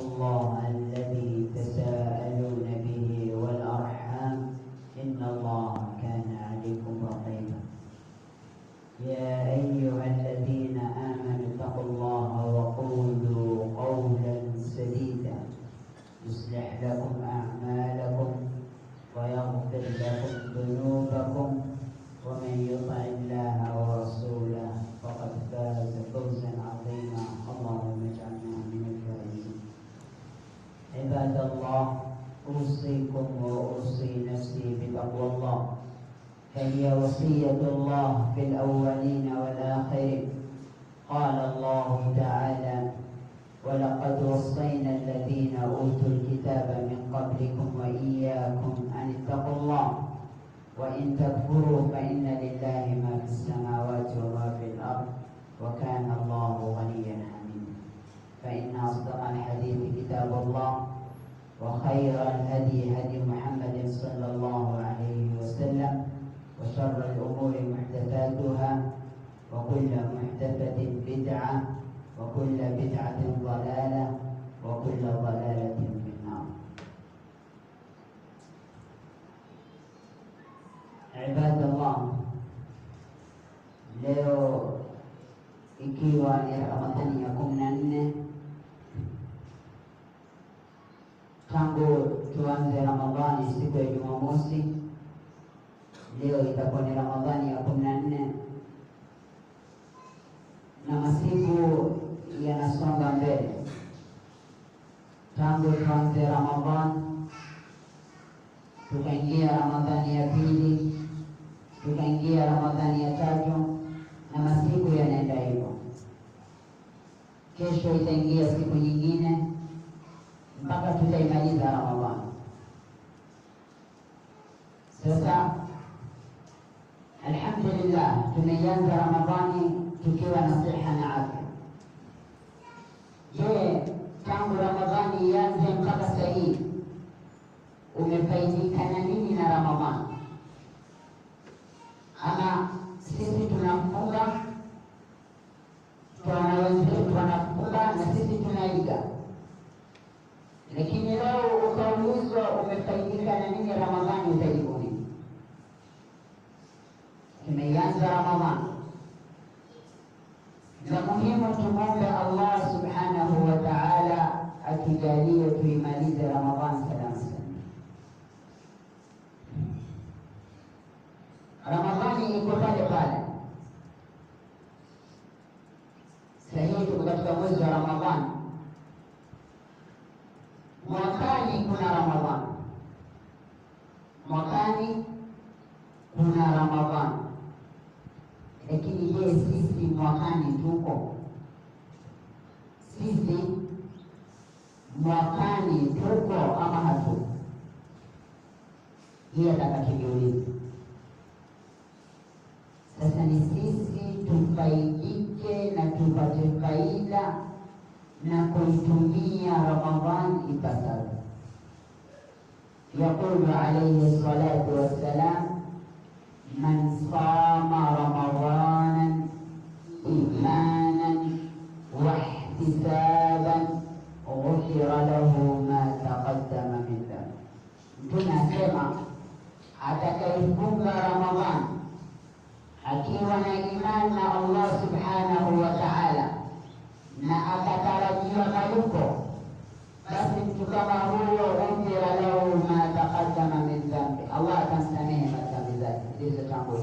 الله مخالفة بدعة وكل بدعة ضلالة وكل ضلالة في النار عباد الله لو إكيوا لرمضان يكون نن تانغو توانز رمضان استيقظ يوم موسي لو إذا كان رمضان يكون نن na masiku yanasonga mbele tangu tuanze Ramadhan tukaingia Ramadhani ya pili tukaingia Ramadhani ya tatu, na masiku yanaenda hivyo. Kesho itaingia siku nyingine mpaka tutaimaliza Ramadhani. Sasa alhamdulillah, tumeianza Ramadhani tukiwa na siha na afya. Je, tangu Ramadhani ianze mpaka sasa hivi umefaidika na nini na Ramadhani? tumalize Ramadhani salama. Ramadhani iko pale pale sahihi, tuko katika mwezi wa Ramadhani. Mwakani kuna Ramadhani, mwakani kuna Ramadhani, lakini je, sisi mwakani tuko sisi mwakani tuko ama hatu? Hiyo atakakijiuliza. Sasa ni sisi tufaidike na tupate faida na kuitumia Ramadhani ipasavyo. Yaqulu alayhi salatu wassalam, man sama ramadana imanan wahtisaban غفر له ما تقدم من ذنب كنا سيما عتك الكم رمضان حكيمنا إيماننا الله سبحانه وتعالى ما أتك ربي وخلقه بس كما هو غفر له ما تقدم من ذنب الله تنسميه مثلا بذلك ليس تنقل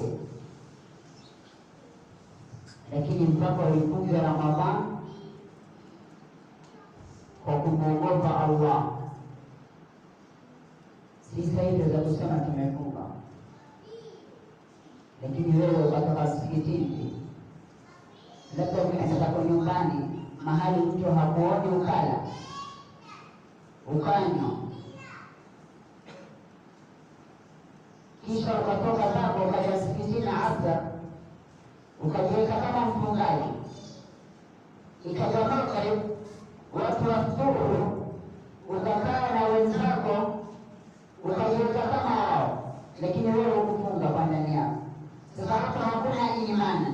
لكن الفقر يكون في رمضان kwa kumwogopa Allah. Sisi za kusema tumefunga, lakini wewe ukatoka msikitini, labda ukitaka nyumbani, mahali mtu hakuoni, ukala ukanywa, kisha ukatoka hapo ukaja msikitini abda, ukajiweka kama mfungaji, ikaja karibu watu wa subuhu, ukakaa na wenzako ukajiweka kama wao lakini wewe hukufunga kwa ndani yako. Sasa hapo hakuna imani,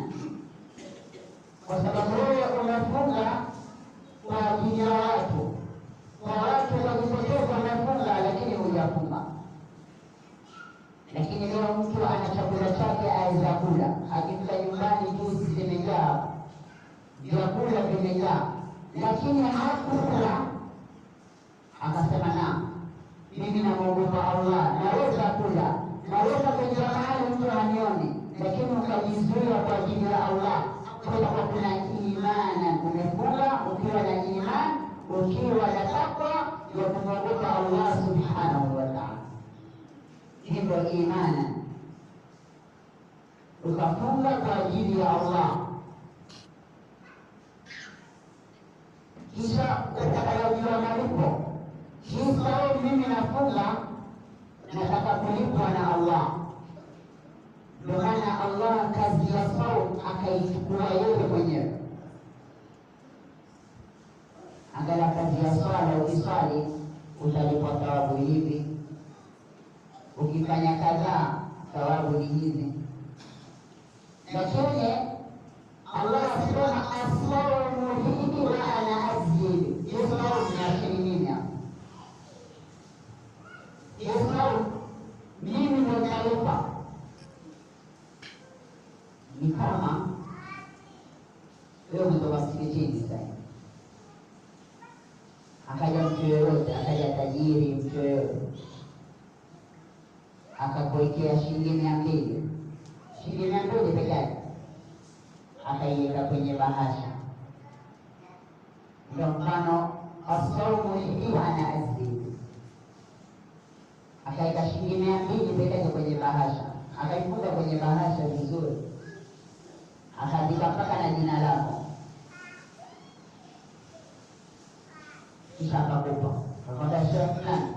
kwa sababu wewe unafunga kwa ajili ya watu, kwa watu wakikoseka unafunga, lakini hujafunga. Lakini leo mtu ana chakula chake aweza kula, akifika nyumbani juzi zimejaa, vyakula vimejaa lakini hakula akasema, na mimi namwogopa Allah, naweza kula, naweza kuingia mahali mtu hanioni, lakini ukajizuia kwa ajili ya Allah kwa kuna imani umekula ukiwa na imani ukiwa na takwa ya kumwogopa Allah subhanahu wa ta'ala, hivyo imani ukafunga kwa ajili ya Allah kisha utakayojiwa malipo. Hii sababu mimi nafunga, nataka kulipwa na Allah. Ndio maana Allah kazi ya saum akaichukua yeye mwenyewe. Angalia kazi ya swala, ukiswali utalipwa thawabu hivi, ukifanya kadhaa thawabu ni hivi, lakini Allah asema asaumu hii wa ana Yesu nao ni akaja mtu yoyote, akaja tajiri mtu yoyote, akakuwekea shilingi mia mbili shilingi mia mbili pekee akaiweka kwenye bahasha ndio mfano asaumu ikiwa na asili, akaika shilingi mia mbili peleke kwenye bahasha, akaifunga kwenye bahasha vizuri, akaandika mpaka na jina lako, kisha akakupa akakwambia, shehe fulani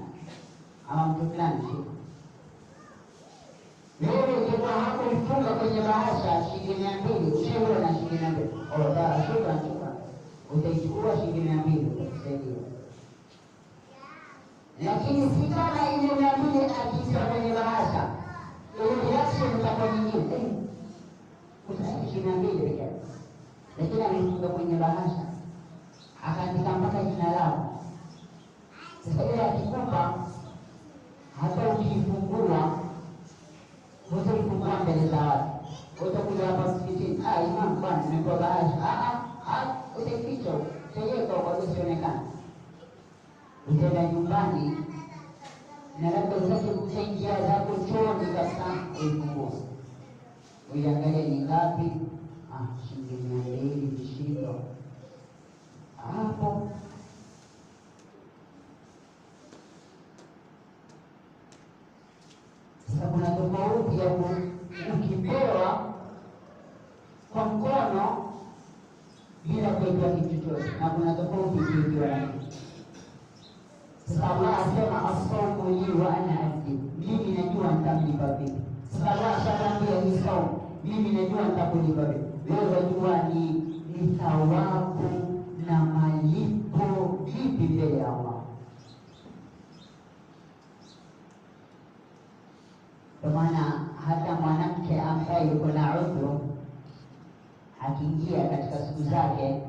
ama mtu fulani shi ukikuwa hapo, mfunga kwenye bahasha shilingi mia mbili, ushe ushauri na shilingi mia mbili, oh, shukrani. utaishi kuwa shilingi mia mbili utakusaidia. Lakini sitana ile mia mbili akitia kwenye bahasha, ile nyingine, mia mbili lakini la bahasha nyumbani na labda utake kutia njia zako chooni kabisa, elfu moja uiangalia ni ngapi ah, shilingi asema asaumu li wa ana abdi, mimi najua nitamlipa vipi. Sasa ashaambia ya saumu, mimi najua nitakulipa vipi. Wewe jua ni ni thawabu na malipo vipi mbele ya Allah. Kwa maana hata mwanamke ambaye yuko na udhuru akiingia katika siku zake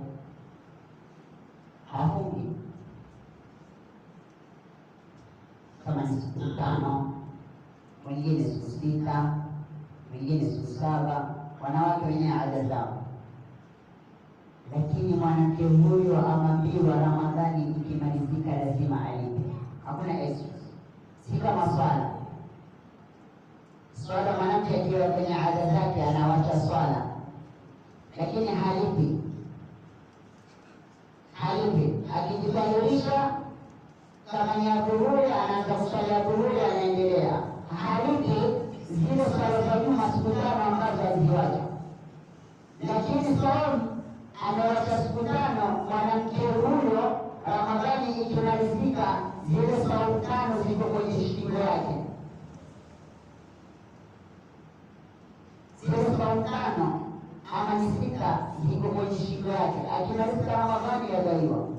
hafungi kama siku tano, wengine siku sita, wengine siku saba, wanawake wenyewe ada zao. Lakini mwanamke huyo amambiwa, Ramadhani ikimalizika lazima alipe, hakuna excuse. Si kama swala swala, mwanamke akiwa kwenye ada zake anawacha swala, lakini halipi, halipi akijitahirisha thamani ya kurudi, anatafuta ya kurudi, anaendelea haribi zile swala za juma siku tano ambazo haziwaja, lakini saumu amewacha siku tano. Mwanamke huyo Ramadhani ikimalizika, zile saumu tano ziko kwenye shingo yake, zile saumu tano ama ni sita ziko kwenye shingo yake, akimalizika Ramadhani yagaiwa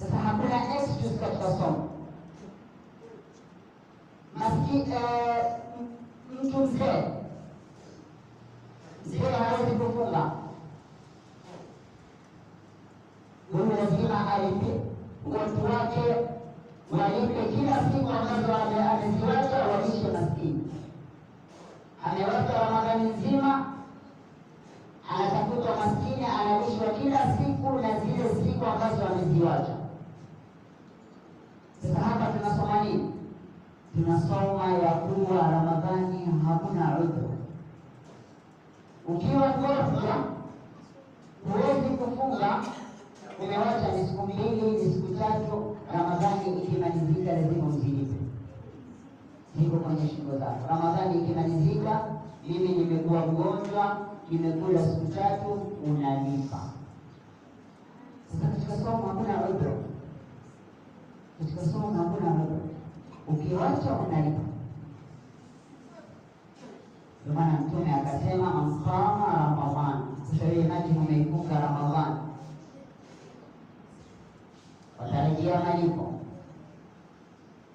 sasa hakuna excuse katika somo. Maskini mtu mzee mzee hawezi kufunga, huyu lazima alipe watu wake, walipe kila siku ambazo ameziwacha, walishe maskini. Ameweka Ramadhani nzima anatafutwa maskini, analishwa kila siku na zile siku ambazo ameziwacha tunasoma nini? Tunasoma ya kuwa Ramadhani hakuna udhu. Ukiwa gorfa huwezi kufunga, umewacha ni siku mbili, ni siku tatu, Ramadhani ikimalizika lazima uzilipe, ziko kwenye shingo zako. Ramadhani ikimalizika, mimi nimekuwa mgonjwa, nimekula siku tatu, unalipa. Sasa katika somo hakuna udhu Usiposoma unaambiwa unalipa, ukiwacha unalipa. Ndio maana Mtume akasema amsama Ramadhani, sasa hiyo haki umeifunga Ramadhani, watarajia malipo,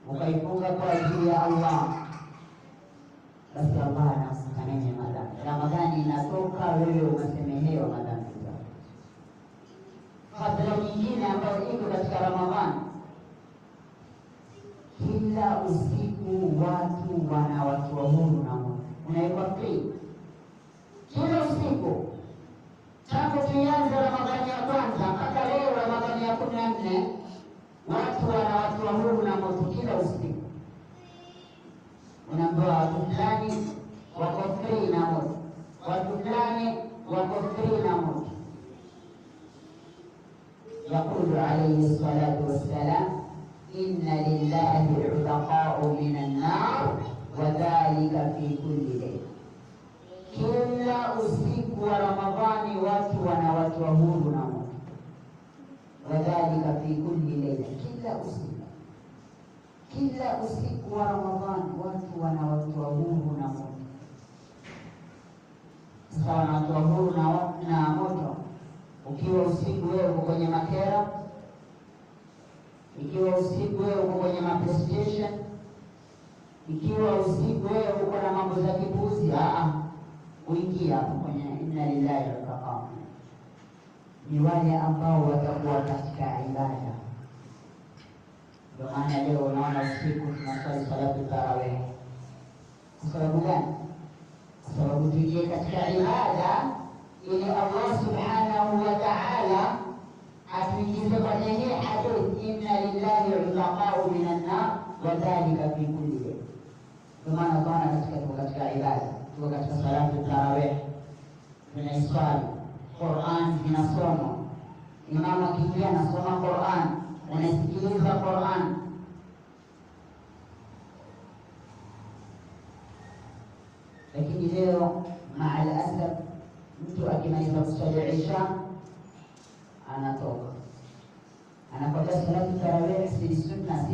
ukaifunga kwa ajili ya Allah, basi Allah anakusamehe madhambi. Ramadhani inatoka, wewe unasemehewa madhambi. Kila usiku watu wanawatiwa Mungu na Mungu unawekwa free kila usiku tangu tulianza Ramadhani ya kwanza mpaka leo Ramadhani ya kumi na nne watu wanawatiwa Mungu na Mungu kila usiku unaambiwa watu fulani wako free na moto, watu fulani wako free na moto. Yakulu alaihi salatu wassalam inna lillahi utaqau minan nar wa dhalika fi kulli layl. Kila usiku wa Ramadhani watu wanawachwa huru na Mola, wa fi kulli layl, kila usiku, kila usiku wa Ramadhani watu wanawachwa huru na wanawachwa huru na moto. Ukiwa usiku wewe kwenye makera Ikiwa usiku wewe uko kwenye mapresentation, ikiwa usiku wewe uko na mambo za kipuzi, aa, uingia hapo kwenye inna lillahi wa kafara. Ni wale ambao watakuwa katika ibada. Ndio maana leo unaona usiku tunaswali salatu tarawih. Kwa sababu gani? Kwa sababu tuingie katika ibada ili Allah subhanahu wa ta'ala حسنين تقنيه حسن إنا لله عتقاء من النار وذلك في كل يوم بمعنى طعنا كتك وكتك عبادة وكتك صلاة التراويح من إصال قرآن من الصوم إمام وكيفية نصوم قرآن ونسكيز قرآن اليوم مع الأسف alasaf mtu akimaliza kuswali isha anatoka anakwambia salatu tarawih si sunna si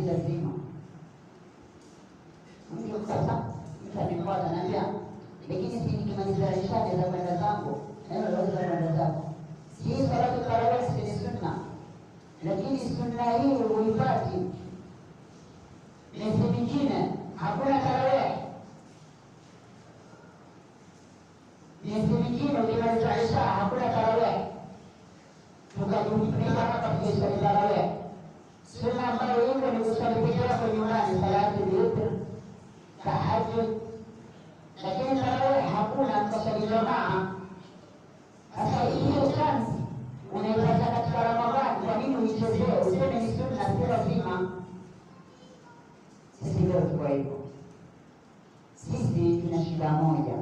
shida moja,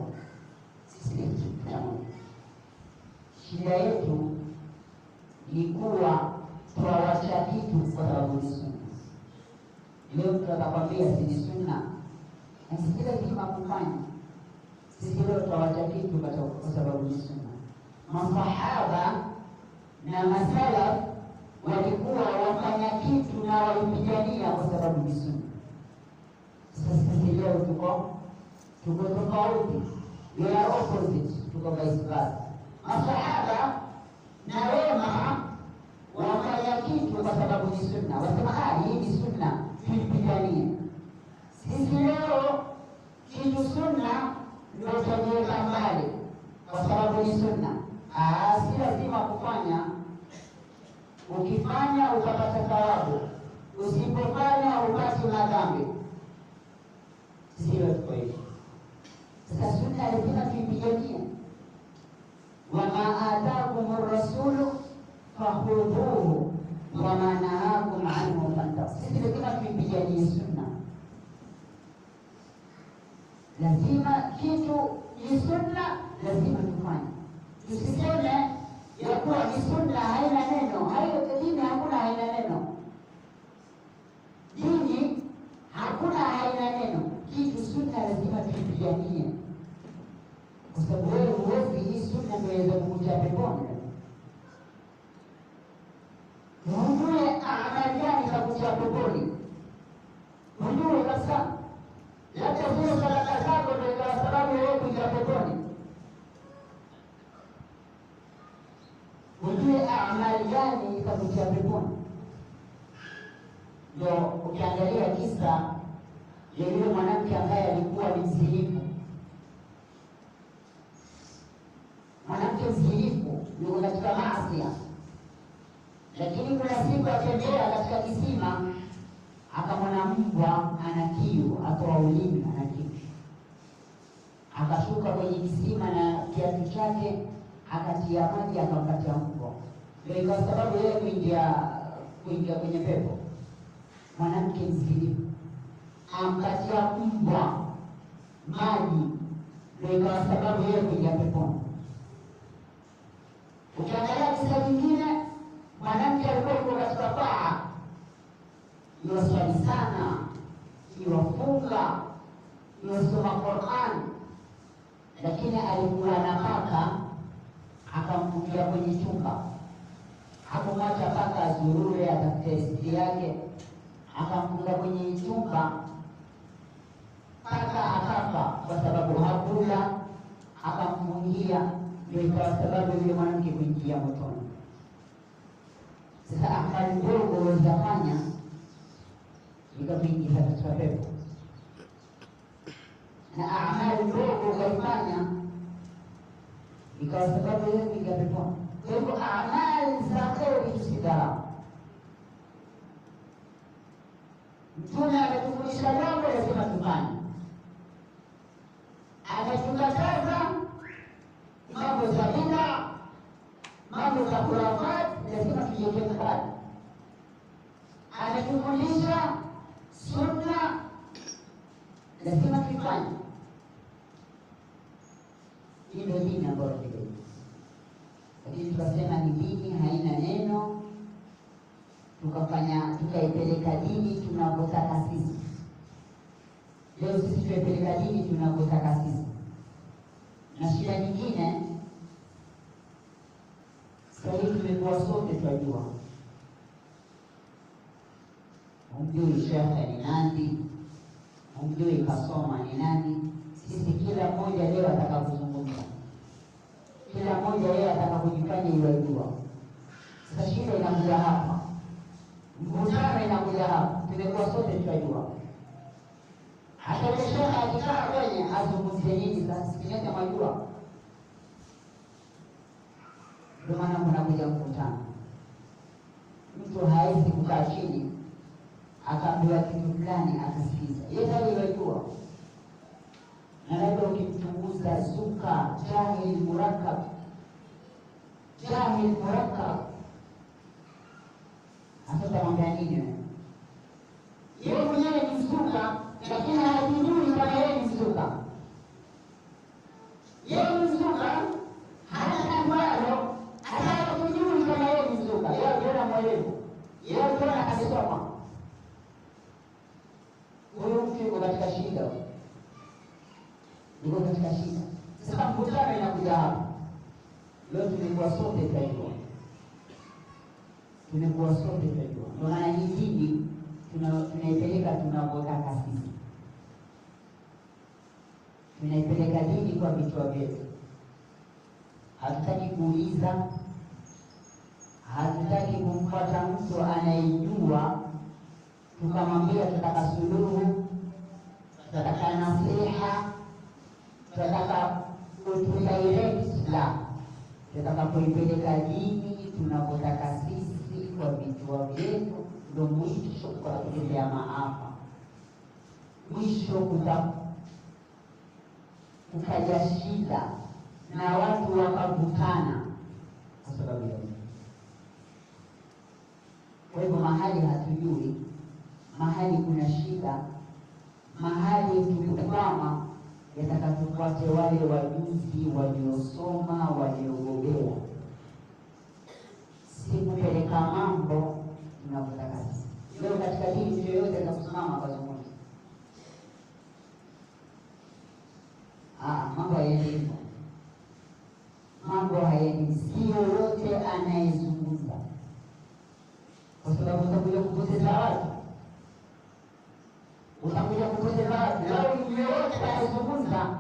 sisi ni shida moja. Shida yetu ni kuwa twawasha kitu kwa sababu ni sunna. Leo mtu atakwambia si ni sunna, asikile hikima kufanya. Sisi leo twawasha kitu kwa sababu ni sunna. Masahaba na masalaf walikuwa wafanya kitu na walipigania kwa sababu ni sunna. Sasa sisi leo tuko tuko tofauti, we are opposite, tuko vice versa. Masahaba na wema wafanya kitu kwa sababu ni sunna, wasema ah, hii ni sunna, tuipiganie. Sisi leo kitu sunna ndio tunajiweka mbali kwa sababu ni sunna. Ah, si lazima kufanya, ukifanya utapata thawabu, usipofanya upati madhambi. Sio hivyo sasa sunna lazima tuipiganie. wama atakum rasulu fahudhuhu wama nahakum anhu fantahu. Sisi lazima tuipiganie sunna, lazima kitu ni sunna, lazima tufanye, tusiseme ya kuwa ni sunna haina neno. Hayo dini hakuna haina neno, dini hakuna haina neno. Kitu sunna lazima tuipiganie kwa sababu wewe huofi hii siku kuweza peponi. Mjue amali gani za kuja peponi, mjue kabisa. Labda hiyo sadaka zako ndio ikawa sababu wewe kuja peponi. ujue amali gani za kuja peponi, ndio ukiangalia kisa ya yule mwanamke ambaye alikuwa ni yuko katika maasi, lakini kuna siku atembea katika kisima akamwona mbwa ana kiu, akawa ulimi ana kiu, akashuka kwenye kisima na kiatu chake akatia maji akampatia mbwa, ndio ikawa sababu yeye kuingia kuingia kwenye pepo. Mwanamke msikilivu ampatia mbwa maji, ndio ikawa sababu yeye kuingia peponi. Ukiangalia kisa kingine, mwanamke alikuwa yuko katika paa, hiyo swali sana, hiyo funga, hiyo Qur'an, lakini alikuwa na paka akamfungia kwenye chumba, hakumwacha paka azurure atafute siri yake, akamfunga kwenye chumba paka akafa, kwa sababu hakula, akamfungia ndio ikawa sababu yule mwanamke kuingia motoni. Sasa amali ndogo ulizofanya ikakuingiza katika pepo, na amali ndogo ukaifanya ikawa sababu yeye kuingia peponi. Kwa hivyo amali za kheri tusidharau. Mtume ametufundisha jambo lazima tufanye, ametugataza mambo za bid'a, mambo za khurafat, lazima tujiekeze mbali. Anajumulisha sunna, lazima tuifanye. Hii ndio dini ambayo kidogo, lakini tukasema ni dini haina neno, tukafanya tukaipeleka dini tunakotaka sisi. Leo sisi tuepeleka dini tunakotaka sisi, na shida nyingine Swahili tumekuwa sote twajua, humjui Shekhe ni nani, humjui kasoma ni nani. Sisi kila moja leo ataka kila moja leo ataka kujifanya iwajua. Sasa shida inakuja hapa, mvutano inakuja hapa. Tumekuwa sote twajua, hata Shekhe akikaa kwenye azungumzie nini, sasa sikinyake mwajua ndio maana mnakuja mkutano. Mtu hawezi kukaa chini akaambiwa kitu fulani akasikiza, yeye aliyojua na labda ukimchunguza suka jahil murakab jahil murakkab atatamwambia nini? Yeye mwenyewe ni msuka, lakini hakijui kama yeye ni msuka yeye Qur'an amesoma wewe mtu yuko katika shida, ndio katika shida. Sasa mkutano inakuja hapo. Leo tulikuwa sote kaijua, tulikuwa sote kaijua, ndio maana hii dini tunaipeleka tunavyotaka sisi, tunaipeleka dini kwa vichwa vyetu, hatutaki kuuliza hatutaki kumfuata mtu anayejua tukamwambia tutaka suluhu, tutaka nasiha, tutaka kutudirect, la tutaka kuipeleka dini tunapotaka sisi kwa vichwa vyetu, ndo mwisho kwa kutembea maafa. Mwisho kukaja shida na watu wakavutana kwa sababu ya kwa hivyo mahali hatujui, mahali kuna shida, mahali tumekwama, yatakatupate wale wajuzi waliosoma, waliobobea, si kupeleka mambo tunavyotaka sisi. Leo katika dini yoyote atakusimama utakuja kupoteza watu, utakuja kupoteza watu. Lao yeyote kayazungumza,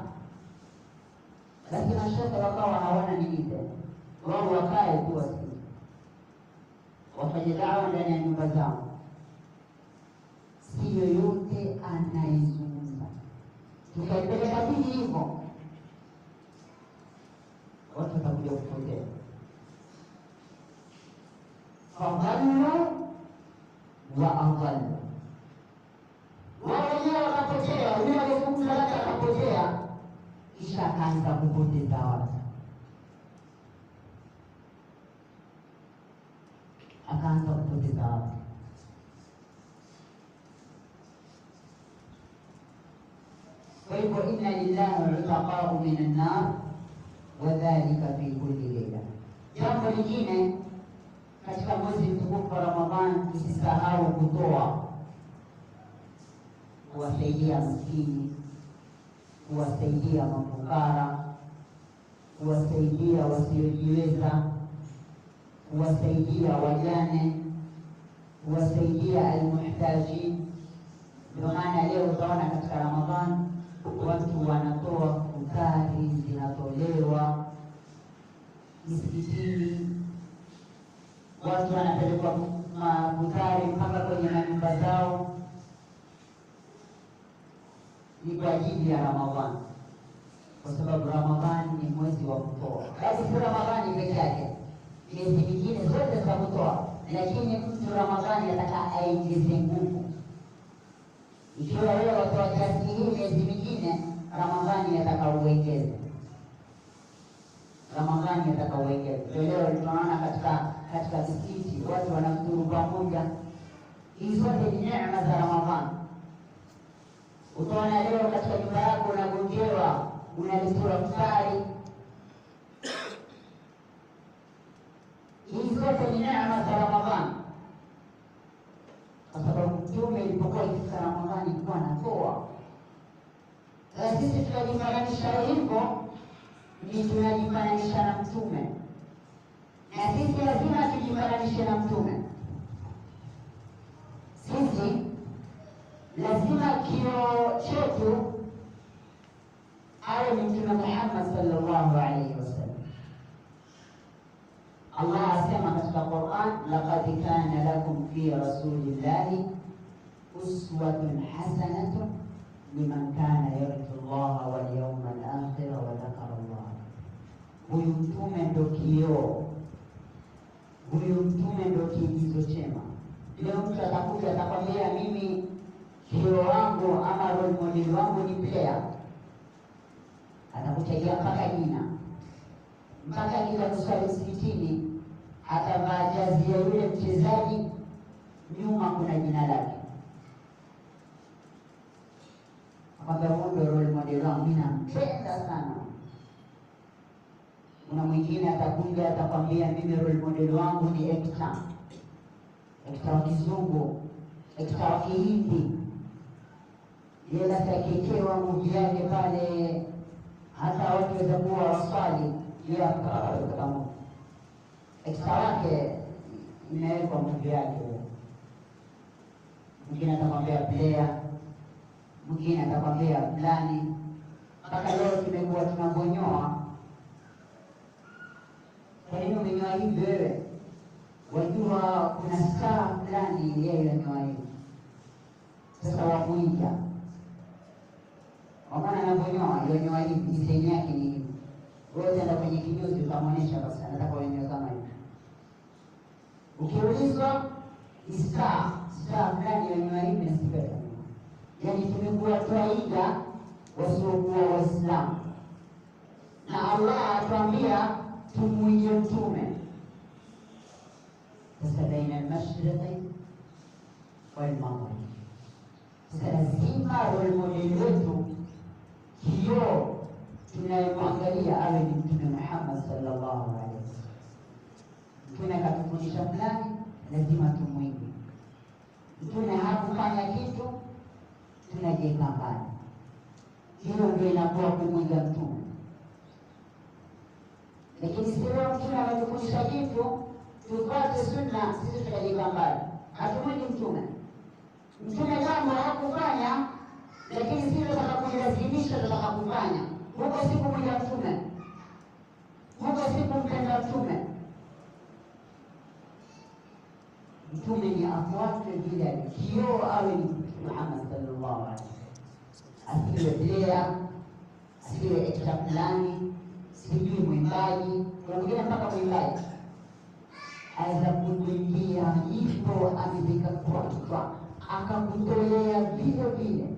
lakini mashaka wakawa hawana nilida, wao wakae tu wasi wafanye dawa ndani ya nyumba zao. Si yoyote anayezungumza, tukaipeleka dini hivyo فيقول إنا لله العتقاء من النار وذلك في كل ليلة جاب لجينة كتك مزي تقول رمضان يستهار قطوة وسيدية مسكين وسيدية مفقارة وسيدي وسيجيوزة وسيدي وجانة وسيدي المحتاجين لما أنا ليه وطرنا كتك رمضان watu wanatoa futari zinatolewa msikitini, watu wanapelekwa mafutari mpaka kwenye manyumba zao, ni kwa ajili ya Ramadhani, kwa sababu Ramadhani ni mwezi wa kutoa. Basi si Ramadhani peke yake, miezi mingine zote za kutoa, lakini mtu Ramadhani ataka aingize nguvu ikiwa leo watoa kiasi kizuri, miezi mingine Ramadhani yatakauwekeza, Ramadhani yatakauwekeza. Leo tunaona katika katika msikiti watu wanafuturu pamoja, hizi zote ni neema za Ramadhani. Utaona leo katika nyumba yako unagonjewa, unalisura mstari, hizi zote ni neema za Ramadhani kwa sababu Mtume ilipokuwa ikifika Ramadhani ilikuwa anatoa. Na sisi tunajifananisha hivyo, ni tunajifananisha na Mtume, na sisi lazima tujifananishe na Mtume. Sisi lazima kio chetu awe ni Mtume Muhammad sallallahu alaihi wasallam. Allah asema katika Qur'an, laqad kana lakum fi rasulillahi uswatun hasanatun liman kana yarju llaha wal yawmal akhir wa dhakara Allah. Huyu mtume ndo kioo, huyu mtume ndo kiigizo chema. Leo mtu atakuja atakwambia, mimi kioo wangu ama role model wangu ni player, atakutajia mpaka jina mpaka kila kuswali msikitini atavaa jazi ya yule mchezaji, nyuma kuna jina lake, kwamba huyu ndio role model wangu, mimi nampenda sana. Kuna mwingine atakuja atakwambia, mimi role model wangu ni ekta ekta wa kizungu, ekta wa kihindi yela takekewa yake pale, hata watu waweza kuwa waswali extra yake imewekwa mtu yake, mwingine atakwambia player, mwingine atakwambia fulani. Mpaka leo tumekuwa tunavonyoa. Kwa nini umenyoa hivi wewe? Wajua kuna saa fulani yeye anyoa hivi. Sasa wakuija wamana anavyonyoa yonyoa hivi, disaini yake ni hivi, wewe utaenda kwenye kinyozi utamwonyesha, basi anataka wenyewe kama Ukiulizwa staa staa fulani ya maimna sipeta, yaani tumekuwatwaida wasiokuwa Waislamu na Allah atuambia tumuige Mtume. Sasa baina almashriqi walmaghribi, sasa lazima walmodeli wetu kioo tunayemwangalia awe ni Mtume Muhammad sallallahu alaihi Mtume akatufundisha fulani, lazima tumwige. Mtume hakufanya kitu, tunajiweka mbali. Hiyo ndio inakuwa kumwiga Mtume. Lakini sisi leo Mtume ametufundisha kitu, tufuate sunna, sisi tunajiweka mbali, hatumwigi Mtume. Mtume kama hakufanya, lakini sisi tunataka kujilazimisha, tunataka kufanya. Huko siku mwiga Mtume, huko siku Mtume. Mtume ni afuate vile kioo awe ni Muhammad sallallahu alaihi wasallam, asiwe blea, asiwe ekta fulani, sijui mwimbaji. Kuna mwingine mpaka mwimbaji aweza kukuimbia kwa amezikakatwa akakutolea vile vile,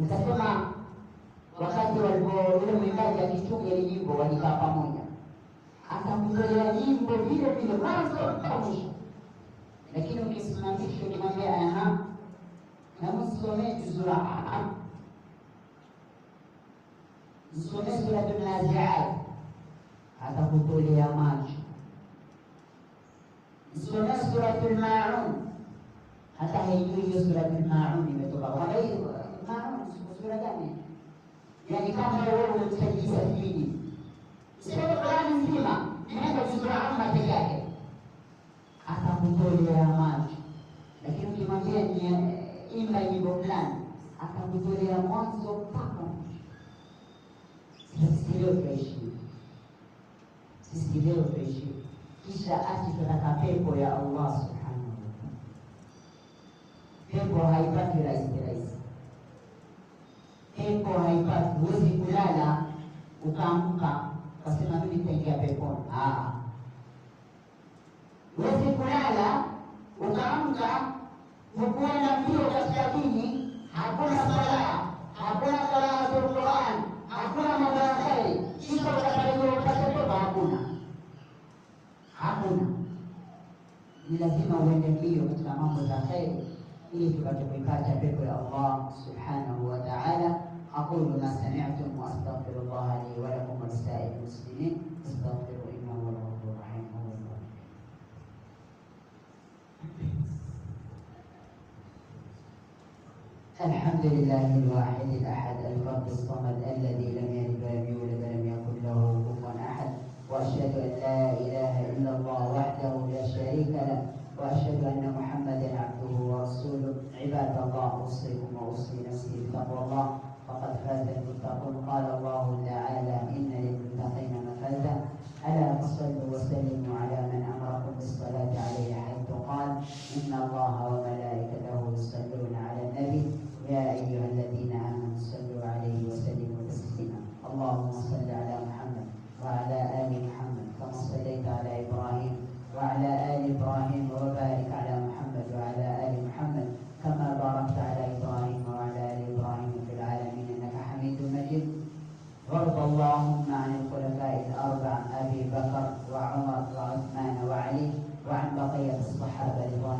utasema wakati walipo yule mwimbaji akichunga ile nyimbo walikaa pamoja, akakutolea nyimbo vile vile mwanzo mpaka mwisho. لكن كيسمى الحكمة لأنها لما الصومية تزرع الصومية سورة النازعات هذا بطول يا ماج الصومية سورة الماعون حتى هي سورة الماعون يبتغى وغير الماعون سورة ثانية يعني كان هو التجيس الديني سورة القرآن الكريمة هذا الزراعة ما تجاهل akakutolea macho lakini ukimwambia imba nyimbo fulani akakutolea mwanzo mpaka sisi leo tunaishi, sisi leo kisha ati tunataka pepo ya Allah subhanahu wa ta'ala. Pepo haipati rahisi rahisi, pepo haipati. Huwezi kulala ukaamka ukasema mimi nitaingia peponi. huwezi kulala ukaamka hukuenda mbio katika dini, hakuna sala, hakuna salatul Quran, hakuna mambo ya kheri, shika utakayotoka hakuna, hakuna. Ni lazima uende mbio katika mambo za kheri ili tupate kuipata pepo ya Allah subhanahu wa ta'ala. aqulu ma sami'tum wa astaghfirullah li wa lakum wa lisairil muslimin astaghfiru الحمد لله الواحد الأحد الفرد الصمد الذي لم يلد ولم يولد ولم يكن له كفوا أحد وأشهد أن لا إله إلا الله وحده لا شريك له وأشهد أن محمدا عبده ورسوله عباد الله أوصيكم وأوصي نفسي بتقوى الله فقد فاز المتقون قال الله تعالى إن للمتقين مفازا ألا فصلوا وسلموا على من أمركم بالصلاة عليه حيث قال إن الله وملائكته يا أيها الذين آمنوا صلوا عليه وسلموا تسليما اللهم صل على محمد وعلى آل محمد كما صليت على إبراهيم وعلى آل إبراهيم وبارك على محمد وعلى آل محمد كما باركت على إبراهيم وعلى آل إبراهيم في العالمين إنك حميد مجيد وارض اللهم عن الخلفاء الأربع أبي بكر وعمر وعثمان وعلي وعن بقية الصحابة رضوان